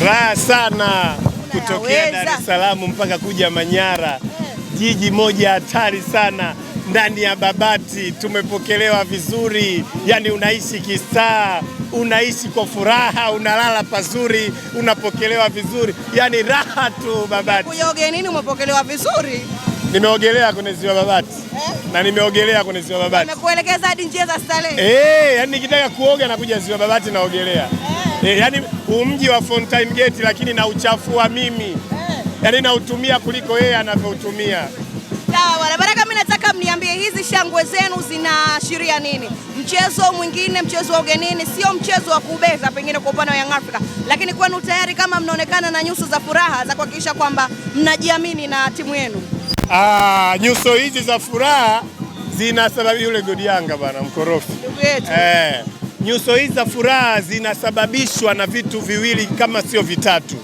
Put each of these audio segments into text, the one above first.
Raha sana kutokea Dar es Salaam mpaka kuja Manyara, jiji moja hatari sana. Ndani ya Babati tumepokelewa vizuri, yani unaishi kistaa, unaishi kwa furaha, unalala pazuri, unapokelewa vizuri, yani raha tu Babati. Kuogelea nini, umepokelewa vizuri? Nimeogelea kwenye ziwa Babati eh? Na nimeogelea kwenye ziwa Babati. Nimekuelekeza hadi njia za starehe. Eh, yani nikitaka kuoga nakuja ziwa Babati naogelea eh? E, yani umji wa Fountain Gate lakini na wa mimi yani nautumia kuliko yeye anavyotumia. Sawa Baraka, mimi nataka mniambie hizi shangwe zenu zinaashiria nini? Mchezo mwingine, mchezo wa ugenini, sio mchezo wa kubeza pengine kwa upande wa Young Africa, lakini kwenu tayari kama mnaonekana na nyuso za furaha za kuhakikisha kwamba mnajiamini na timu yenu. Ah, nyuso hizi za furaha zinasababisha yule Godianga bana mkorofi. Ndugu yetu. Eh nyuso hizi za furaha zinasababishwa na vitu viwili kama sio vitatu.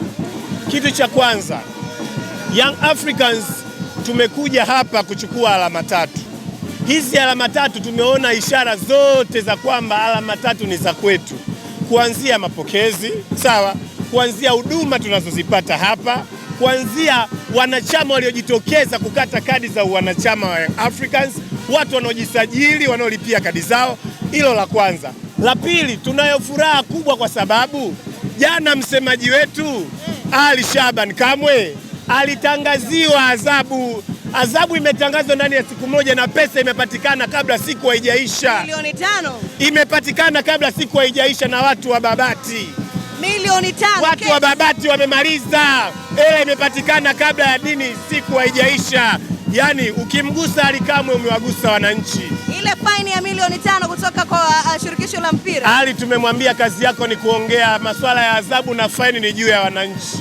Kitu cha kwanza, Young Africans tumekuja hapa kuchukua alama tatu. Hizi alama tatu tumeona ishara zote za kwamba alama tatu ni za kwetu, kuanzia mapokezi sawa, kuanzia huduma tunazozipata hapa, kuanzia wanachama waliojitokeza kukata kadi za wanachama wa Young Africans, watu wanaojisajili wanaolipia kadi zao. Hilo la kwanza. La pili, tunayo furaha kubwa kwa sababu jana msemaji wetu Ali Shaban Kamwe alitangaziwa adhabu. Adhabu imetangazwa ndani ya siku moja na pesa imepatikana kabla siku haijaisha, milioni tano imepatikana kabla siku haijaisha, na watu wa Babati milioni tano. Watu wa Babati wamemaliza, hela imepatikana kabla ya dini siku haijaisha. Yaani ukimgusa Alikamwe umewagusa wananchi ile faini ya milioni tano kutoka kwa uh, uh, shirikisho la mpira. Ali, tumemwambia kazi yako ni kuongea masuala ya adhabu na faini ni juu ya wananchi,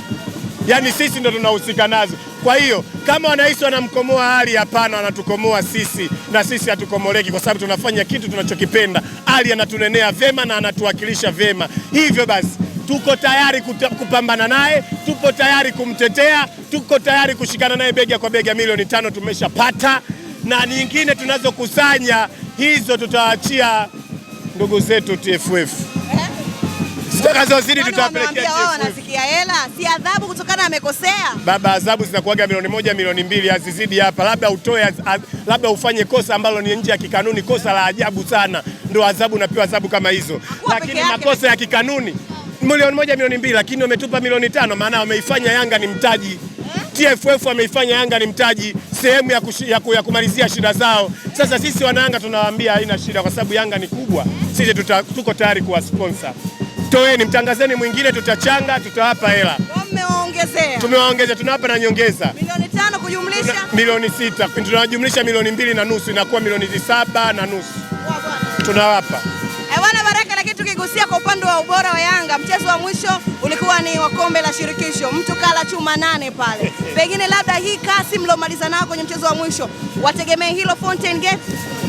yaani sisi ndo tunahusika nazo. Kwa hiyo kama wanahisi wanamkomoa Ali, hapana, wanatukomoa sisi, na sisi hatukomoleki kwa sababu tunafanya kitu tunachokipenda. Ali anatunenea vyema na anatuwakilisha vyema, hivyo basi tuko tayari kupambana naye, tupo tayari kumtetea, tuko tayari kushikana naye bega kwa bega. Milioni tano tumeshapata na nyingine tunazokusanya hizo tutawaachia ndugu zetu TFF zitakazozidi tutawapelekea. Wao wanasikia hela, si adhabu kutokana amekosea. Baba, adhabu zinakuwaga milioni moja, milioni mbili, hazizidi hapa. Labda utoe, labda ufanye kosa ambalo ni nje ya kikanuni, kosa la ajabu sana, ndio adhabu napewa adhabu kama hizo. Lakini makosa ya kikanuni milioni moja, milioni mbili, lakini wametupa milioni tano, maana wameifanya Yanga ni mtaji TFF wameifanya Yanga ni mtaji sehemu ya, ya, ya kumalizia shida zao. Sasa sisi wanayanga tunawaambia haina shida, kwa sababu Yanga ni kubwa, sisi tuta, tuko tayari kuwa sponsor. Toeni, mtangazeni mwingine, tutachanga, tutawapa hela. Tumewaongezea, tunawapa na nyongeza milioni tano kujumlisha Tuna, milioni sita tunajumlisha milioni mbili na nusu inakuwa milioni saba na nusu tunawapa Tukigusia kwa upande wa ubora wa Yanga, mchezo wa mwisho ulikuwa ni wa kombe la shirikisho, mtu kala chuma nane pale. Pengine labda hii kasi mliomaliza nayo kwenye mchezo wa mwisho wategemee hilo Fountain Gate?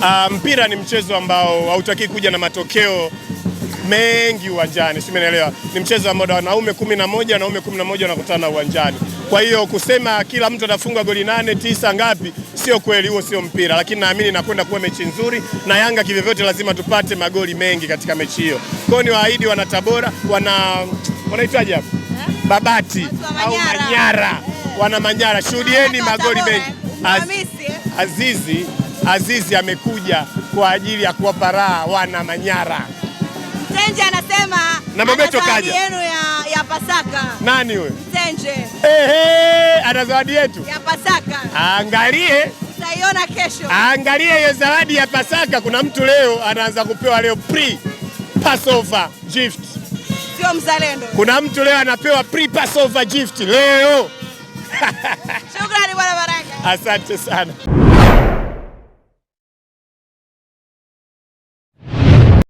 Uh, mpira ni mchezo ambao hautaki kuja na matokeo mengi uwanjani, si umeelewa? Ni mchezo ambao wanaume kumi na moja wanaume kumi na moja wanakutana uwanjani. Kwa hiyo kusema kila mtu atafunga goli nane tisa ngapi, sio kweli, huo sio mpira, lakini naamini nakwenda kuwa mechi nzuri na Yanga kivyovyote lazima tupate magoli mengi katika mechi hiyo. Kwa hiyo ni waahidi wana Tabora, wana wanaitwaje hapo eh? Babati au Manyara, eh. wana Manyara, shuhudieni magoli mengi. Eh. Azizi Azizi amekuja kwa ajili ya kuwapa raha wana Manyara. Mtenje anasema na Mabeto kaja yenu ya, ya Pasaka. Nani we? Mtenje. Hey, hey, ana zawadi yetu ya Pasaka, angalie tutaiona kesho, angalie hiyo zawadi ya Pasaka. Kuna mtu leo anaanza kupewa leo pre Passover gift, sio mzalendo. Kuna mtu leo anapewa pre Passover gift leo. Shukrani bwana Baraka, asante sana.